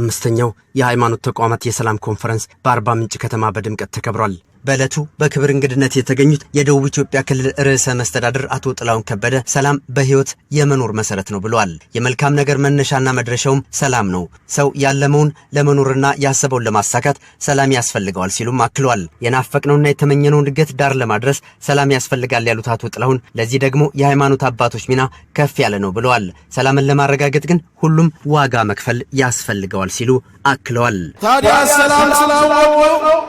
አምስተኛው የሃይማኖት ተቋማት የሰላም ኮንፈረንስ በአርባ ምንጭ ከተማ በድምቀት ተከብሯል። በዕለቱ በክብር እንግድነት የተገኙት የደቡብ ኢትዮጵያ ክልል ርዕሰ መስተዳድር አቶ ጥላሁን ከበደ ሰላም በሕይወት የመኖር መሰረት ነው ብለዋል። የመልካም ነገር መነሻና መድረሻውም ሰላም ነው። ሰው ያለመውን ለመኖርና ያሰበውን ለማሳካት ሰላም ያስፈልገዋል ሲሉም አክለዋል። የናፈቅነውና የተመኘነውን እድገት ዳር ለማድረስ ሰላም ያስፈልጋል ያሉት አቶ ጥላሁን ለዚህ ደግሞ የሃይማኖት አባቶች ሚና ከፍ ያለ ነው ብለዋል። ሰላምን ለማረጋገጥ ግን ሁሉም ዋጋ መክፈል ያስፈልገዋል ሲሉ አክለዋል። ታዲያ ሰላም ስላወቀው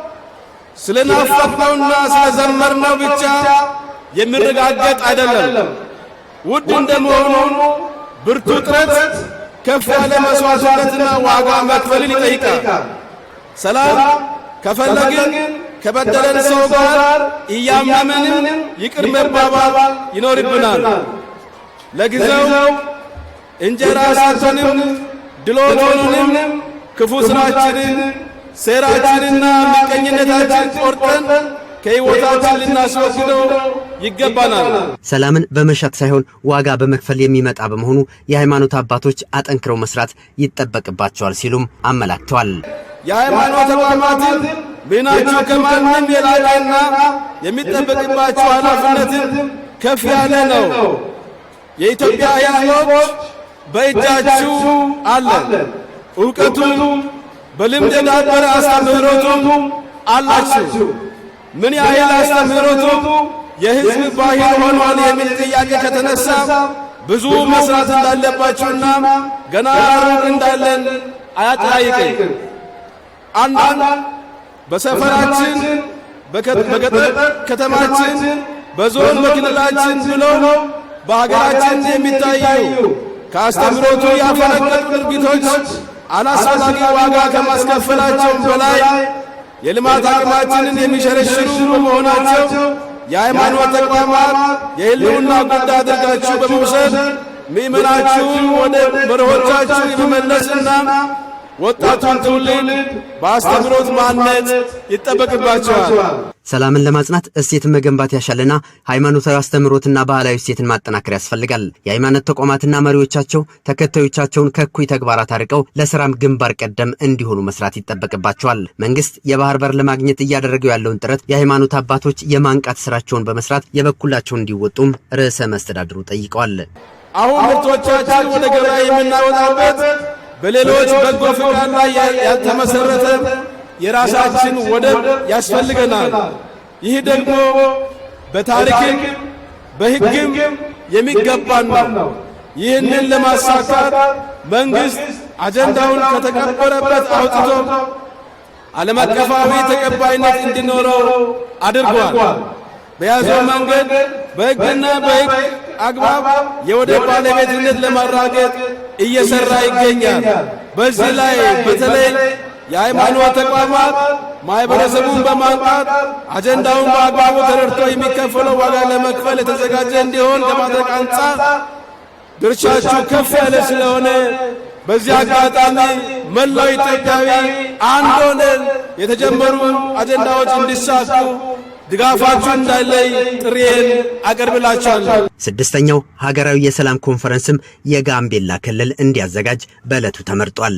ስለናፈቅነውና ስለዘመርነው ብቻ የሚረጋገጥ አይደለም። ውድ እንደመሆኑ ብርቱ ጥረት ከፍ ያለ መስዋዕትነትና ዋጋ መክፈልን ይጠይቃል። ሰላም ከፈለግን ከበደለን ሰው ጋር እያመመንን ይቅር መባባል ይኖርብናል። ለጊዜው እንጀራ ሳትሆንም ድሎ ሆኖንም ክፉ ስራችንን ሴራችንና ምቀኝነታችን ቆርጠን ከህይወታችን ልናስወግደው ይገባናል። ሰላምን በመሻት ሳይሆን ዋጋ በመክፈል የሚመጣ በመሆኑ የሃይማኖት አባቶች አጠንክረው መስራት ይጠበቅባቸዋል ሲሉም አመላክተዋል። የሃይማኖት ተቋማትን ሚናችሁ ከማንም የላቀና የሚጠበቅባቸው ኃላፊነትን ከፍ ያለ ነው። የኢትዮጵያ ህዝቦች በእጃችሁ አለ እውቀቱን በልምድ የዳበረ አስተምህሮቱ አላችሁ። ምን ያህል አስተምህሮቱ የሕዝብ ባህል ሆኗል የሚል ጥያቄ ከተነሳ ብዙ መስራት እንዳለባችሁና ገና ሩቅ እንዳለን አያጠያይቅም። አንዳንድ በሰፈራችን በገጠር ከተማችን በዞን በክልላችን ብሎ በሀገራችን የሚታዩ ከአስተምህሮቱ ያፈነገጡ ድርጊቶች አላስፈላጊ ዋጋ ከማስከፈላቸው በላይ የልማት አቅማችንን የሚሸረሽሩ በመሆናቸው የሃይማኖት ተቋማት የህልውና ጉዳይ አድርጋችሁ በመውሰድ ምእመናችሁ ወደ በረሆቻችሁ የመመለስና ወጣቱን ትውልድ በአስተምሮት ማነት ይጠበቅባቸዋል። ሰላምን ለማጽናት እሴትን መገንባት ያሻልና ሃይማኖታዊ አስተምሮትና ባህላዊ እሴትን ማጠናከር ያስፈልጋል። የሃይማኖት ተቋማትና መሪዎቻቸው ተከታዮቻቸውን ከእኩይ ተግባራት አርቀው ለስራም ግንባር ቀደም እንዲሆኑ መስራት ይጠበቅባቸዋል። መንግስት የባህር በር ለማግኘት እያደረገው ያለውን ጥረት የሃይማኖት አባቶች የማንቃት ስራቸውን በመስራት የበኩላቸውን እንዲወጡም ርዕሰ መስተዳድሩ ጠይቀዋል። አሁን ምርቶቻችን ወደ ገበያ የምናወጣበት በሌሎች በጎ ፍቃድ ላይ ያልተመሰረተ የራሳችን ወደብ ያስፈልገናል። ይህ ደግሞ በታሪክም በሕግም የሚገባን ነው። ይህንን ለማሳካት መንግሥት አጀንዳውን ከተቀበረበት አውጥቶ ዓለም አቀፋዊ ተቀባይነት እንዲኖረው አድርጓል። በያዘው መንገድ በሕግና በሕግ አግባብ የወደብ ባለቤትነት ለማራገጥ እየሰራ ይገኛል። በዚህ ላይ በተለይ የሃይማኖት ተቋማት ማህበረሰቡን በማንቃት አጀንዳውን በአግባቡ ተረድቶ የሚከፈለው ዋጋ ለመክፈል የተዘጋጀ እንዲሆን ከማድረግ አንጻር ድርሻችሁ ከፍ ያለ ስለሆነ በዚህ አጋጣሚ መላው ኢትዮጵያዊ አንድ ሆነን የተጀመሩ አጀንዳዎች እንዲሳኩ ድጋፋችሁ እንዳለይ ጥሪዬን አቀርብላችኋለሁ። ስድስተኛው ሀገራዊ የሰላም ኮንፈረንስም የጋምቤላ ክልል እንዲያዘጋጅ በዕለቱ ተመርጧል።